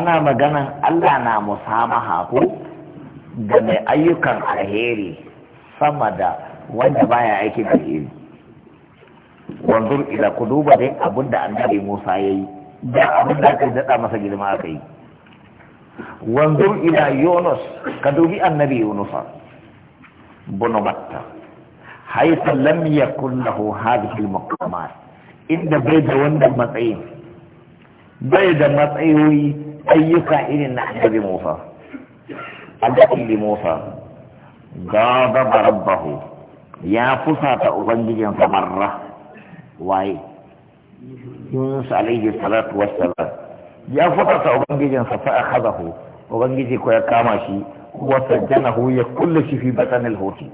ana maganan Allah na musamaha ko da mai ayyukan alheri sama da wanda baya aikin alheri wanzur ila ku duba dai abin da annabi Musa ya yi da abin da aka daɗa masa girma aka yi wanzur ila Yunus ka dubi annabi Yunus bin Matta haythu lam yakun lahu hadhihi al inda bai da wanda matsayin bai da matsayoyi أي فاعل نحن بموسى أدأ لموسى غاضب ربه يا فسا تأغنجي مرة واي يونس عليه الصلاة والسلام يا فسا تأغنجي فأخذه أغنجي كويا كاماشي وسجنه يكل في بطن الهوتي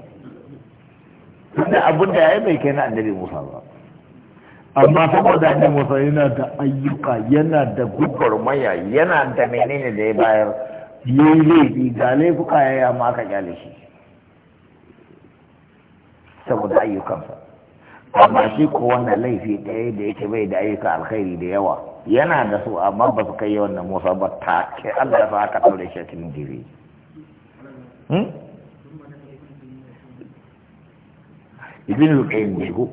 هذا أبو دعي بيكينا النبي موسى الله amma saboda ne musa yana da ayyuka yana da maya yana da menene da ya bayar yayi laifi ga laifuka ya yi amma aka kyale shi saboda ayyukansa amma shi ko wanda laifi ɗaya da yake bai da ayyuka alkhairi da yawa yana da su amma ba su kai yawan musa ba ta ke allah ya sa aka ɗaure shi a cikin jiri hmm? ibn al ko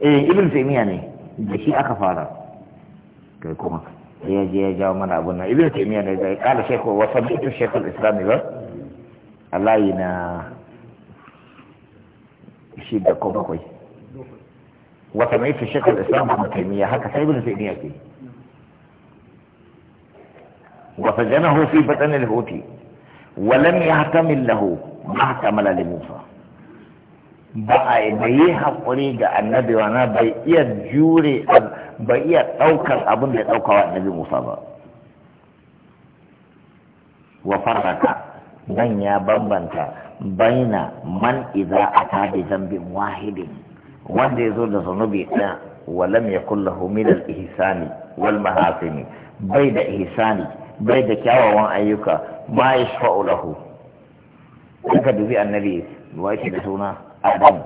eh ibn taymiya ne da shi aka fara kai kuma ya je ya jawo mana abun nan ibn taymiya ne da kala shekhu wa sabitu shekhu al-islam ba Allah yana shi da ko bakwai wa sabitu shekhu al-islam ibn taymiya haka sai ibn taymiya ke وسجنه في بطن الحوت ولم يحتمل له ما احتمل لموسى ba a bai yi haƙuri ga annabi wana bai iya jure bai iya ɗaukar abin da ya ɗauka wa annabi musa ba wa farraka nan ya bambanta baina man a ta bi zambin wahidin wanda ya zo da zanubi ɗaya wa lam ya lahu min al ihsani wal mahasini bai da ihsani bai da kyawawan ayyuka ma shafa'u lahu ka dubi annabi wa shi da suna adam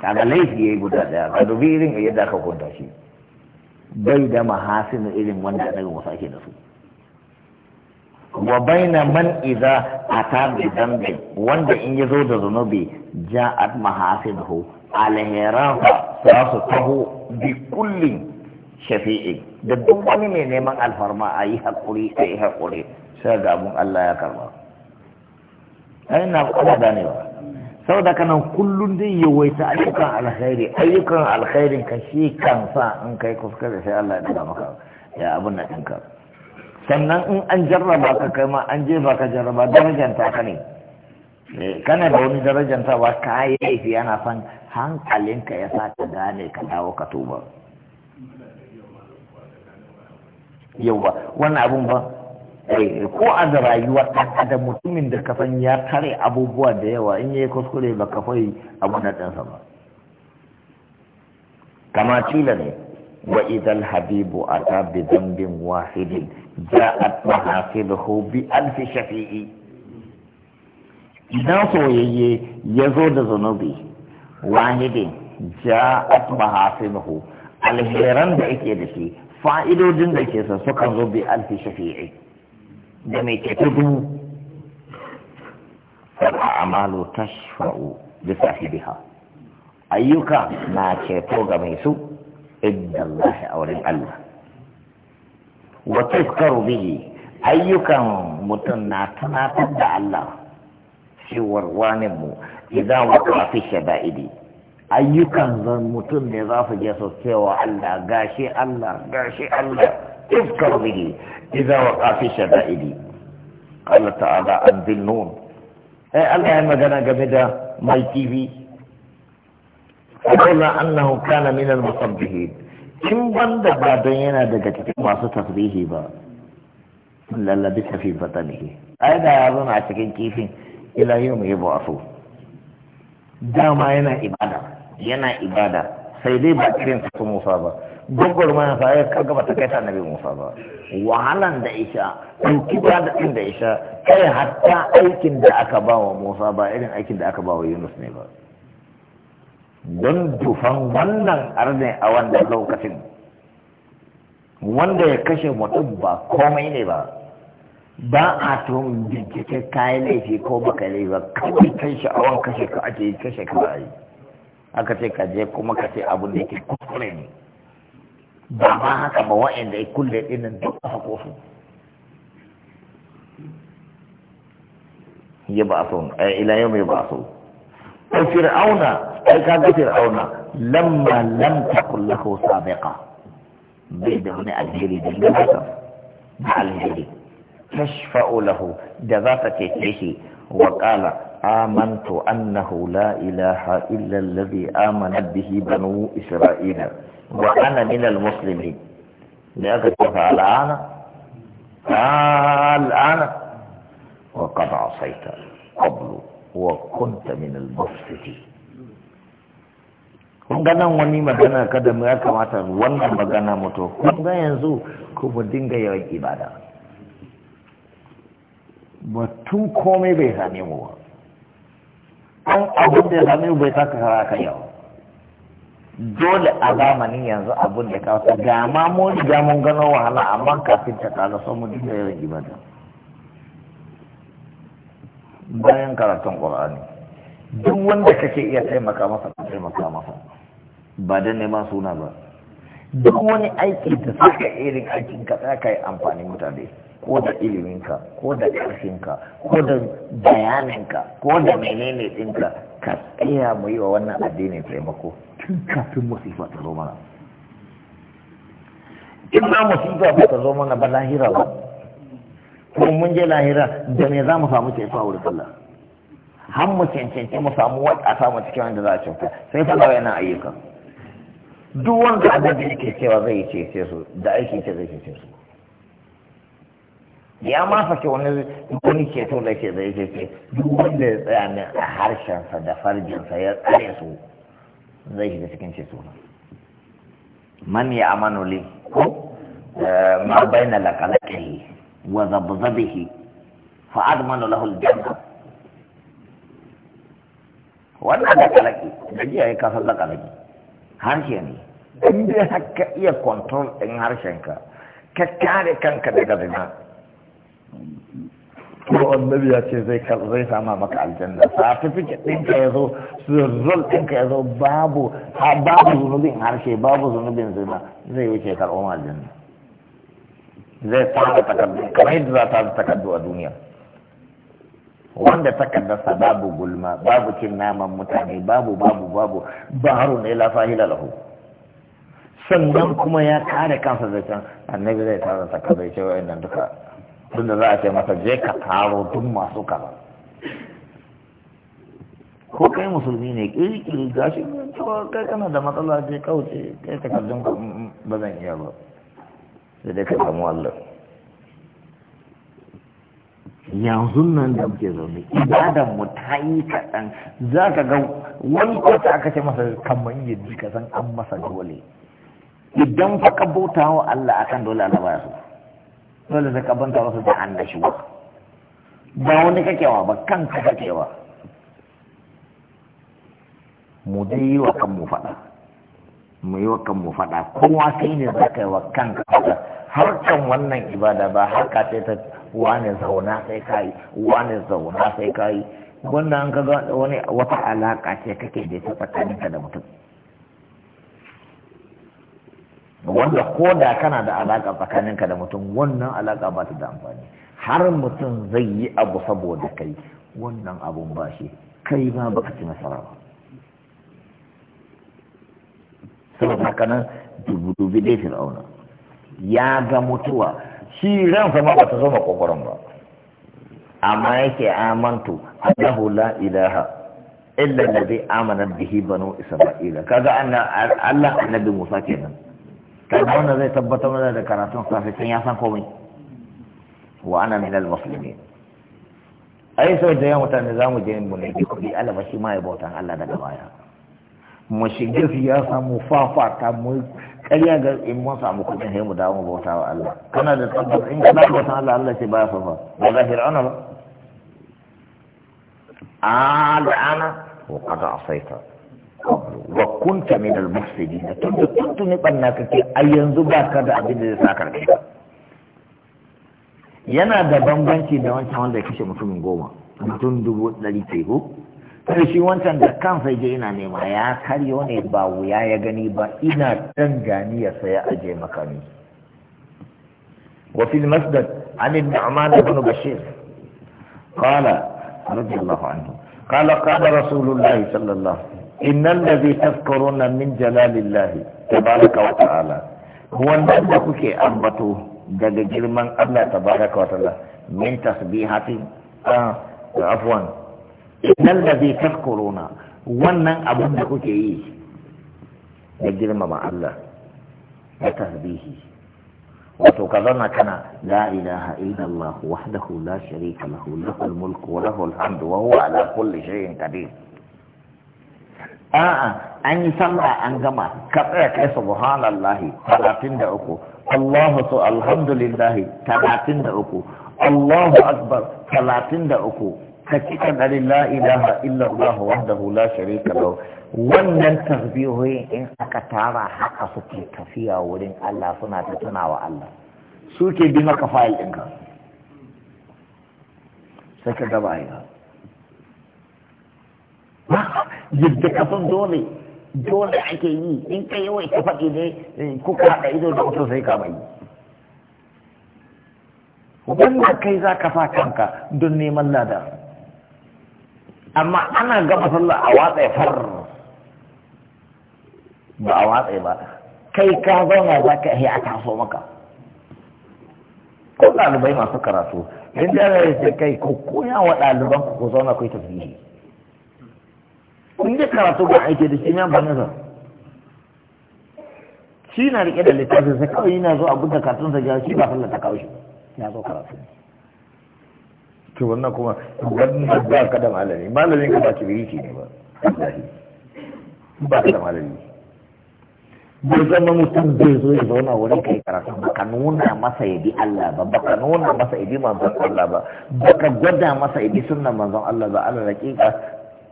kaga laifi yayi guda daya ka dubi irin yadda aka kunta shi bai da mahasin irin wanda daga Musa ake da su wa baina man idza ata bi wanda in zo da zunubi ja'at mahasinuhu alhirafa sa su taho bi kulli shafi'i da duk wani mai neman alfarma a yi haƙuri a yi haƙuri sai ga abun Allah ya karba ai na kuma ba. saboda kanan kullum dai yawaita ayyukan alkhairi ayyukan alkhairin ka shi sa in kai kuskure sai Allah ya daga maka ya abun na ɗinka sannan in an jarraba ka kai ma an je ba ka jarraba darajanta ka ne eh, kana da wani ta ba ka yi laifi yana son hankalinka ya sa ka gane ka dawo ka tuba yauwa wannan abun ba Eh, ko a da rayuwar ɗan adam mutumin da ka ya tare abubuwa da yawa in yi kuskure ba ka fai abu na ɗansa ba kama tila ne wa idal habibu ata bi dambin wahidin ja'at bi alfi shafi'i idan soyayye ya zo da zunubi wahidin ja'at mahasiluhu alheran da yake da shi fa'idodin da ke sa sukan zo bi alfi shafi'i da mai ceto dubu al'amalu tashfa'u bi sahibiha ayyuka na ceto ga mai su inda Allah a wurin Allah wa tafkaru bihi ayyukan mutum na tunatar da Allah cewar wanin mu idan wata fi shada'idi ayyukan zan mutum ne za su je su cewa Allah gashi Allah gashi Allah اذكر به اذا وقع في شدائد قال تعالى أنزل نون الله جانا جمدا ماي تي في فلولا انه كان من المصبحين إن بند بعدين دقت ما تصبيه با للبث في بطنه أيضا أظن عشان كيف الى يوم يبعثوا دا ما yana ibada yana ibada sai dai ba irin su Musa ba gogor ma fa ya kaga ba ta kai ta Nabi Musa ba wahalan da isha in kiba da din da isha kai hatta aikin da aka ba wa Musa ba irin aikin da aka ba wa Yunus ne ba don dufan wannan arne a wannan lokacin wanda ya kashe mutum ba komai ne ba ba a tun bincike kayan laifi ko baka laifi ba kawai kai sha'awan kashe ka ake kashe ka ba yi aka ce ka je kuma ka ce abin da yake kuskure ne ba ma haka ba wa'anda ya kulle ɗinin duk a hako su ya ba so eh, ila yau mai ba so ko fir'auna ai ka ga fir'auna lamma lam takul lahu sabiqa bai da wani alheri da gabata da alheri tashfa'u lahu da za ta cece shi wa qala آمنت أنه لا إله إلا الذي آمن به بنو إسرائيل وأنا من المسلمين لأجل فالآن الآن وقد عصيت قبل وكنت من المفسدين kun ga wani magana kada mu ya kamata wannan magana mutu kun ga yanzu ku mu dinga yawan ibada batun komai bai same mu ba an abin da ya sami bai saka kara kan yau dole a zamanin yanzu abin da ka wasu ga ma mun riga mun gano wahala amma kafin ta kala son mu dinga yawan ibada bayan karatun qur'ani duk wanda kake iya taimaka masa ka taimaka masa ba da neman suna ba duk wani aiki da saka irin aikin ka tsaka kai amfani mutane ko da iliminka ko da ƙarfinka ko da bayaninka ko da menene ɗinka ka tsaya mu yi wa wannan addini taimako tun kafin musifa ta zo mana in ba musifa ba ta zo mana ba lahira ba Ko mun je lahira da me za mu samu fa wurin Allah har mu cancanci mu samu wata samu cikin wanda za a cuta sai fa yana ayyuka duk wanda da yake cewa zai ce ce su da aiki ce zai ce su ya ma sake wani wani ceto da ke zai ce ce duk wanda ya tsaya ne a harshensa da farjinsa ya tsare su zai shiga cikin ceto na man ya amanu li ko eh, ma la laqalaqihi wa zabzabihi fa admanu lahu janna wannan laqalaqi da jiya ya kasar laqalaqi harshe ne in haka iya control din harshenka ka kare kanka daga zina kuma annabi ya ce zai zai sama maka aljanna fike ɗinka ya zo zurzul ɗinka ya zo babu babu zunubin harshe babu zunubin zina zai wuce karɓar aljanna zai tara takardu kamar yadda za ta takardu a duniya wanda takardarsa babu gulma babu cin naman mutane babu babu babu baro ne la fahila lahu sannan kuma ya kare kansa zai can annabi zai tara ce, cewa inda duka tunda za a ce masa je ka karo duk masu kaza ko kai musulmi ne kirkiri gashi kai kana da matsala je kauce kai takardun mm, mm, ba zan iya ba sai dai ka samu Allah yanzu nan da muke zaune ibadan mu ta yi kaɗan za ka ga wani kwata aka ce masa kamar yadda ka san an masa dole idan fa ka bauta wa Allah akan dole Allah ba ya dole sai ka banta wasu da annashuwa ba wani kakewa ba kanka kakewa mu dai yi wa kanmu faɗa mu yi wa kanmu faɗa kowa sai ne za ka yi wa kanka faɗa can wannan ibada ba ka ce ta ne zauna sai ka yi ne zauna sai ka yi wannan an ka wani wata alaƙa ce kake da ta tsakaninka da mutum wanda ko da kana da alaka tsakaninka da mutum wannan alaka ba ta da amfani har mutum zai yi abu saboda kai wannan abun ba shi kai ba baka ci nasara ba saboda haka nan dubu-dubu dai fir'auna ya ga mutuwa shi zan zama ba ta zo makwakwaren ba amma yake amantu Allahu la ilaha illa alladhi amana bihi banu isra'ila kaga Allah annabi Musa kenan kaga wanda zai tabbatar mana da karatun safe sun ya san komai wa ana min al muslimin ai sau da yawan mutane za mu je mu ne da kuɗi alaba shi ma ya bautan Allah daga baya mu shige siyasa mu fafata mu ƙarya ga in mun samu kuɗin sai mu dawo mu bauta wa Allah kana da tabbata in kana bautan Allah Allah ce baya fafa ba ga fir'auna ba al'ana wa qad asaita wa kunta min al-mufsidin tun da tuntuni banna kake a yanzu ba ka da abin da zai sa karfi yana da bambanci da wancan wanda ya kashe mutumin goma mutum dubu ɗari teku. ko kada shi wancan da kansa je ina nema ya karyo ne ba wuya ya gani ba ina dan gani ya saya aje makami wa fil masdad an ibn umar ibn bashir qala radiyallahu anhu qala qala rasulullahi sallallahu Innan da zai ladhi tazkuruna min jalalillahi tabaraka wa ta'ala wannan da kuke ambato daga girman Allah tabaraka wa ta'ala min tasbihati ah afwan zai ladhi tazkuruna wannan abun da kuke yi da girmama Allah da tasbihi wato ka zauna kana la ilaha illallah wahdahu la sharika lahu lahul mulku wa lahul hamdu wa huwa ala kulli shay'in qadir a'a an yi sallah an gama ka tsaya kai subhanallahi 33 Allahu su alhamdulillahi 33 Allahu akbar 33 ka cika dari la ilaha illa Allah wahdahu la sharika lahu wannan tasbihoyin in aka tara haka suke tafiya wurin Allah suna ta tunawa Allah suke bi maka fayil ɗinka sai ka gaba ya yadda kafin dole dole ake yi in ka yawai ka faɗi ne eh, kuka haɗa ido da wato sai ka bai wanda kai za ka sa kanka don neman lada amma ana gama sallah a watsa far ba a watsa ba kai ka zauna za ka yi a taso maka ko ɗalibai masu karatu in da kai ko koya wa ɗaliban ku zauna ku yi tafiye Kun dai karatu ba aiki da shi ne amfanin sa shi na rike da littafin sa kawai yana zo abin da karatun sa shi ba sallah ta kawo shi ya zo karatu to wannan kuma wannan ba ka da malami malamin ka ba kibiriti ne ba ba ka da malami bai zama mutum zai zo ya zauna wani kai karatu ka nuna masa ya bi Allah ba ka nuna masa ya bi manzon Allah ba ba ka gwada masa ya bi sunan manzon Allah ba da hakika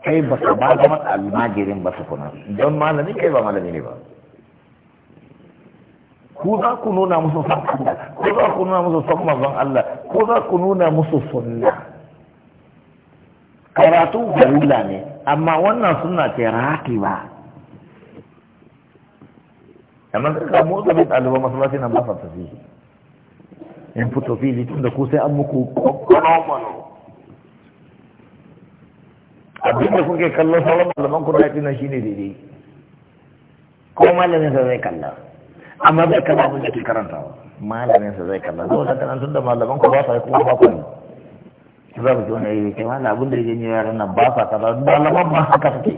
kai ba ka ba zama almagirin ba tukuna don malami kai ba malami ne ba ko za ku nuna musu son Allah ko za ku nuna musu son mazan Allah ko za ku nuna musu sunna karatu farilla ne amma wannan sunna ce raki ba amma ka motsa da bin ɗaliban masallaci na ba tafi in fito fili tun da ku sai an muku kwanon-kwanon abin da kuke kallo sauran malaman ku na tunan shi ne daidai ko malamin sa zai kalla amma bai kalla abin da ke karantawa malamin sa zai kalla saboda tun da malaman ku ba sa kuma ba ku ne za mu ji wani yayi kai wani abin da ya gani yaran nan ba sa kalla malaman ma haka suke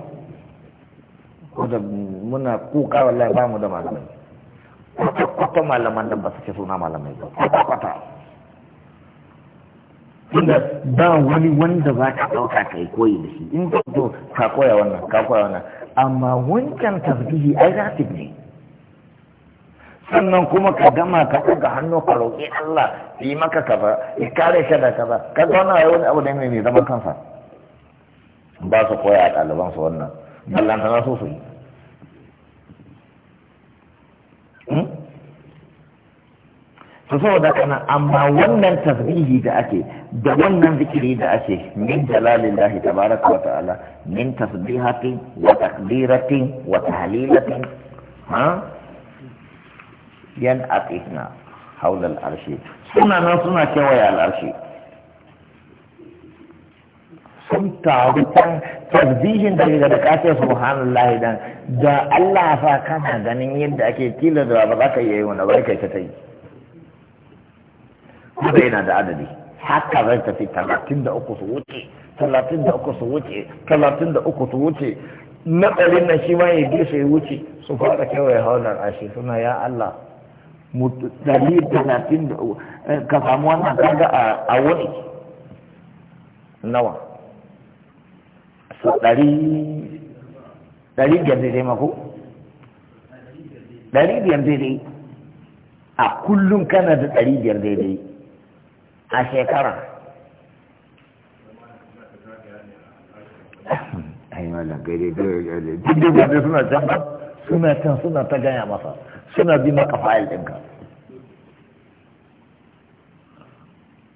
ko da muna kuka wallahi ba mu da malamai kwata-kwata malaman da ba su ke suna malamai ba kwata-kwata tunda ba wani wanda za ka ɗauka ka yi koyi da shi in ka zo ka koya wannan ka koya wannan amma wancan tasbihi ai ratib ne sannan kuma ka gama ka ɗaga hannu ka roƙi Allah yi maka kaza ya kare shi da kaza ka ga ya wani abu da mai zama kansa ba su koya a ɗalibansu wannan ballantana so su yi to saboda kana amma wannan tasbihi da ake da wannan zikiri da ake min jalalillahi tabaraka wa ta'ala min tasbihatin wa takbiratin wa tahlilatin ha yan atina haula al'arshi suna nan suna kewaye al'arshi sun taru kan tasbihin da daga kace subhanallahi dan da Allah fa kana ganin yadda ake kila da ba za ka yi wani barkai ta yi kuma yana da adadi haka zai tafi talatin da uku su wuce talatin da su wuce talatin da su wuce na ɗarin na shi ma ya bi su wuce su fara ashe suna ya Allah dari talatin da eh, ka samu wannan kaga a wani nawa su ɗari ɗari biyar daidai mako ɗari biyar daidai a kullum kana da ɗari biyar daidai a shekara ai malam gaire gaire duk da gobe suna can ba suna can suna ta gaya masa suna bi maka fayil ɗinka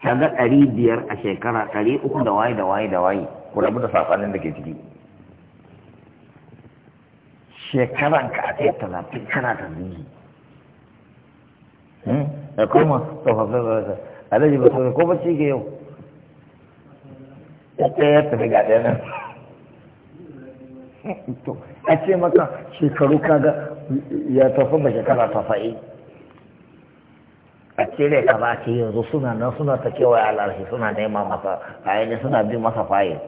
kaga ɗari biyar a shekara ɗari uku da waye da waye da waye ku rabu da saɓanin da ke ciki shekaran ka a kai talatin kana da zuhi da hmm? kuma tsofaffin alhaji ba ko bacci ke yau ta ya tafi ga ɗaya nan a ce maka shekaru kaga ya tafi ba shekara tafa'i a cire ka ba ce yanzu suna nan suna ta kewaye alarshi suna nema masa ayyani suna bi masa fayin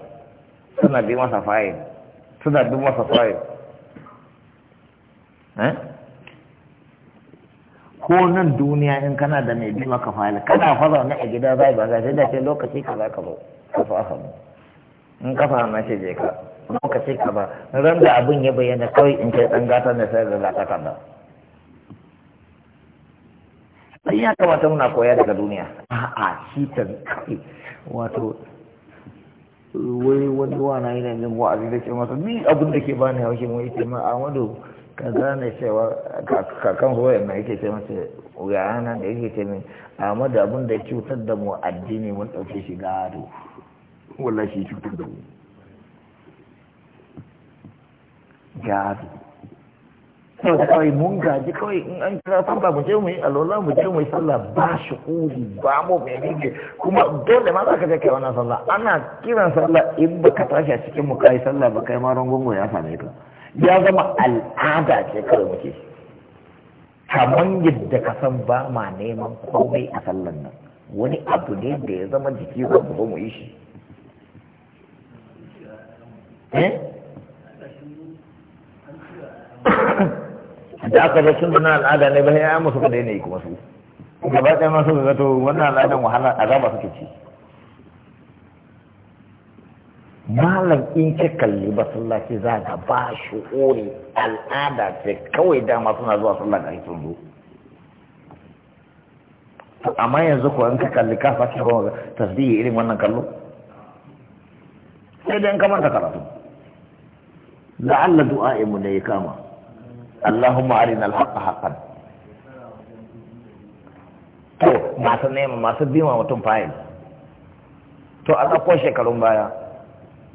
suna bi masa fayin suna bi masa fayin eh ko nan duniya in kana da mai bi maka fa'ala kana fara zaune a gida zai ba sai da ce lokaci ka za ka zo ka fa ka mu in kafa na ce je ka lokaci ka ba ran da abin ya bayyana kawai in kai dan gata ne sai da zaka kada sai ya kamata muna koya daga duniya a'a shi ta kai wato wai wani wana yana a wa'azi da ke masa ni abin da ke bani haushi mu yake ma Amadu. ka gane cewa kakan hoyar na yake ce mace wuyana da yake ce min amma da abin da cutar da mu addini mun ɗauke shi gado wallahi shi cutar da mu gado kawai mun gaji kawai in an kira sallah mu je mu yi alola mu je mu yi sallah ba shi kuri ba mu menene kuma dole ma za ka je kai wannan sallah ana kiran sallah in ka tashi a cikin mu kai sallah ba kai ma rangon ya same ka ya zama al'ada ce kawai muke kamar yadda ka san ba ma neman komai a sallan nan wani abu ne da ya zama jiki ba ku mu yi shi eh? da aka ga sun na al'ada ne ba ya musu da daina yi kuma su gaba ɗaya masu zato wannan al'adan wahala azaba suke ci malam in ka kalli masallaci za ka ba ori al'ada ce kawai dama suna zuwa sallah da sun zo amma yanzu ko in ka kalli ka fashe ko tasbihi irin wannan kallo sai dai in kamar ta karatu la'alla mu ne ya kama Allahumma arina al-haqqa haqqan to masu nema masu bima mutum fa'il to a tsakko shekarun baya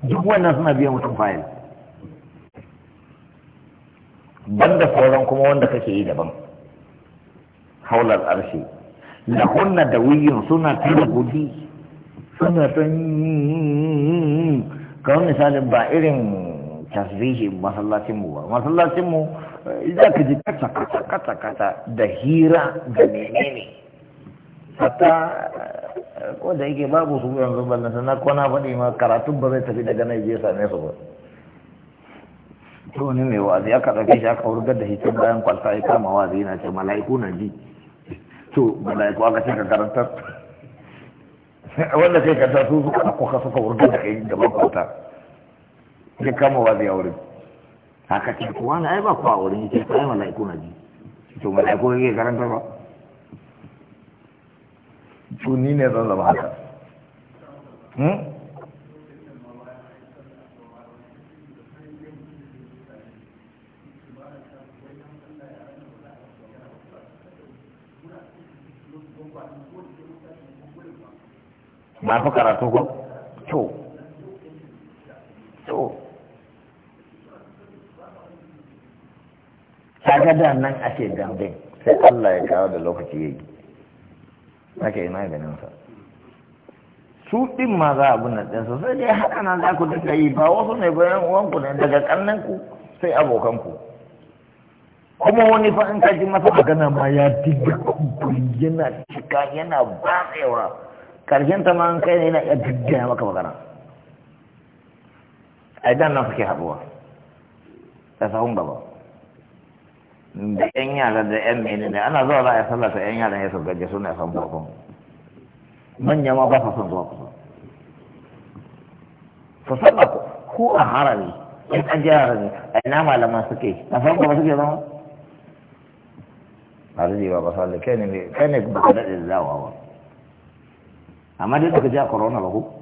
duk wannan suna biyan mutum fayil banda sauran kuma wanda kake yi daban haular arshi lahunna da wiyin suna tura gudi suna ta kawai misalin ba irin tasbihin masallacinmu ba masallacinmu eh, za ka ji kata kata kata da hira da menene hatta ko da yake babu su yanzu ballan sana ko na faɗi ma karatun ba zai tafi daga nan je same su ba to ne mai wazi aka dauke shi aka wurgar da hikin bayan kwalta ya kama wazi yana ce mala'iku na ji to mala'iku aka ce ka karanta wanda kai ka su suka ko ka suka wurgar da kai gaban kwalta ya kama wazi a wurin haka ce kuma na ai ba ku a wurin ya ce ai mala'iku na ji to mala'iku ne ke karantar ba to ne zan zama haka ba hmm? fi karatu ko to to kaga da nan ake gambin sai Allah ya kawo da lokaci yayi za ka yi maganinsa su ɗin ma za a bunna ɗinsa sai dai haɗa nan za ku dinga yi ba wasu ne bayan uwanku ne daga ku sai abokanku kuma wani fa in kaji masa magana ma ya diga kumburi yana cika yana batsewa karshen ta ma an kai ne yana iya ya maka magana a idan nan suke haɗuwa ta sahun gaba da yan yara da yan mene ne ana zuwa za a yi sallah ta yan yara ya sun gaje suna son zuwa kusa manya ma ba sa son zuwa kusa su sallah ko a harami in an ji harami a ina malaman suke a san kuma suke zama a rijewa ba sallah kai ne kai ne ba ka daɗe zawa ba amma dai suka ja corona ba ko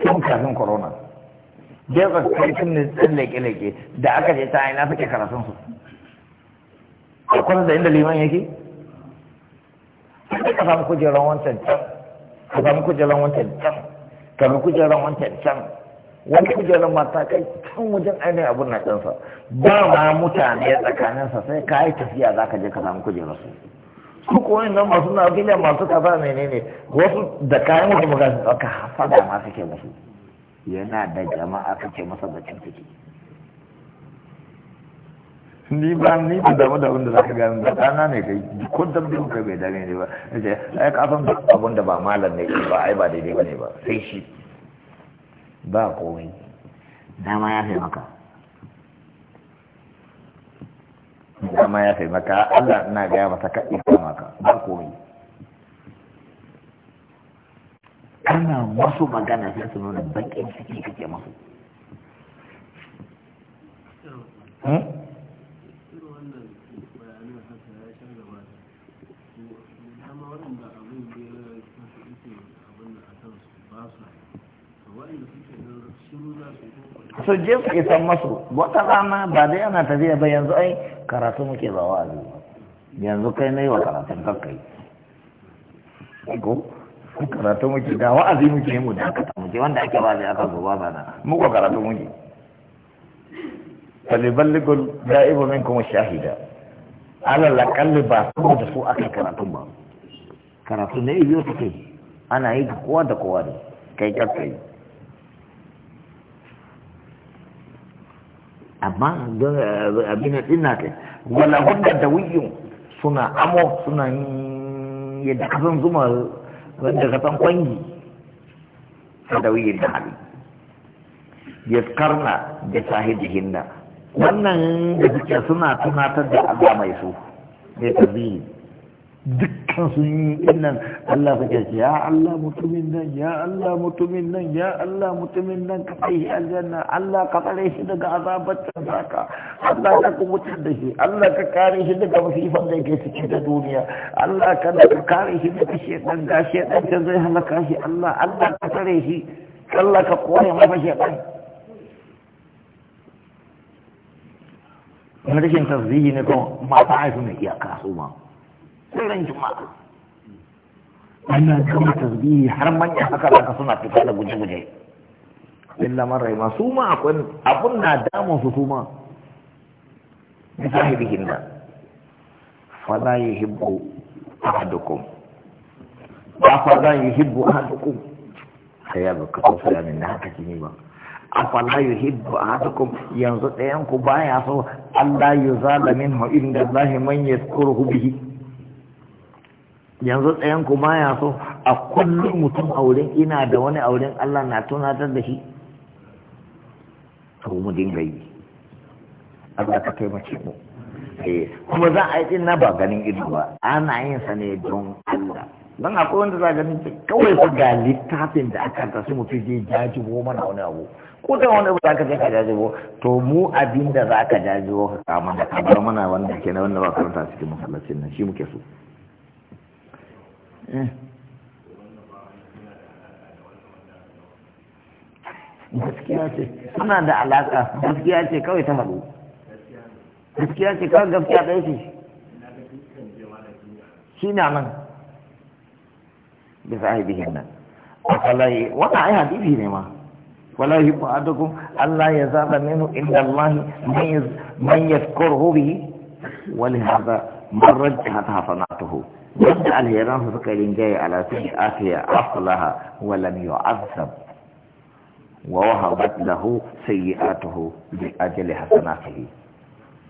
tun kafin corona dai ba kai tun ne leƙe leke da aka je ta aina suke karatun su kwana da inda liman yake ka samu kujeran wancan can ka samu kujeran wancan can ka samu kujeran wancan can wani kujeran mata kai can wajen ainihin abun na ɗansa ba ma mutane tsakaninsa sai ka yi tafiya za ka je ka samu kujeran su su kuwa nan masu na gina masu kaza ne wasu da kayan wasu magana su hafa da masu ke musu yana da jama'a kake masa da cin ni ba ni ba damu da wanda zaka gani ba dana ne kai ko dabbin kai bai dare ne ba nace ai ka san abin da ba malam ne ba ai ba daidai bane ba sai shi ba komai dama ya fi maka dama ya fi maka Allah ina gaya masa ka ita maka ba komai kana masu magana sai su nuna bakin ciki kake masu Hmm? So je su isan masu wata rana ba da yana tafiya ba yanzu ai karatu muke ba wa yanzu kai na yi wa karatun kakai ko karatu muke da wa'azi muke mu da aka muke wanda ake ba zai aka zuwa ba na muka karatu muke faliballigul da'ibu min kuma shahida alal kalli ba kuma da su aka karatu ba karatu ne yi yau kai ana yi kowa da kowa ne kai kakai amma don abin din na kai wala hudda da wiyun suna amo suna yadda kasan zuma wanda kasan kwangi ta da wiyun da hali ya karna da sahijihinna wannan da suke suna tunatar da Allah mai su ne biyu dukkan sun yi innan Allah suke ce ya Allah mutumin nan ya Allah mutumin nan ya Allah mutumin nan ka kai shi aljanna Allah ka tsare shi daga azabatin saka Allah ka kubutar da shi Allah ka kare shi daga masifan da yake ciki da duniya Allah ka da kare shi daga shedan ga shedan can zai halaka shi Allah Allah ka tsare shi Allah ka kore masa shedan wani rikin tarzihi ne kuma mata haifu mai iyaka su ma sai ran juma'a ana gama tasbihi har manya haka zaka suna fita da guje-guje illa man rahima su ma akwai abun na damun su kuma bi sahibihin da fala yuhibbu ahadukum ba fala yuhibbu ahadukum sai ya baka tafiya min da haka ne ba afala yuhibbu ahadukum yanzu ɗayan ku baya so Allah ya zala minhu inda Allah man yadhkuruhu bihi yanzu tsayan ku ya so a kullum mutum auren ina da wani auren Allah na tunatar da shi to mu dinga yi Allah ka taimake mu eh, kuma za a yi na ba ganin ido ba ana yin sa ne don Allah don akwai wanda za a ganin ce kawai ku ga littafin da aka mu mutum zai jajibo mana wani abu ko da wani abu za ka je ka jajibo to mu abin da za ka jajibo ka kama da ka mana wanda ke na wanda ba karanta cikin masallacin nan shi muke so Eh. gaskiya ce suna da alaƙa gaskiya ce kawai ta haɗu gaskiya ce kawai gaskiya ɗaya ce shi na nan bisa aibihin nan a yi wannan ne ma wala yi yuhibbu ahadukum Allah ya zaɓa minhu inda Allah man yadhkuruhu bihi wa li man rajjaha hasanatuhu wanda alheran su suka rinjaye ala sayyi'ati aslaha wa lam yu'azzab wa wahabat lahu sayyi'atuhu bi ajli hasanatihi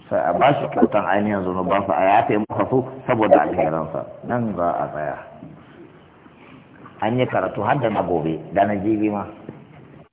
sai a ba shi kyautan ainihin zunubansa a yafe masa su saboda alheransa nan za a tsaya an yi karatu har da na gobe da na jibi ma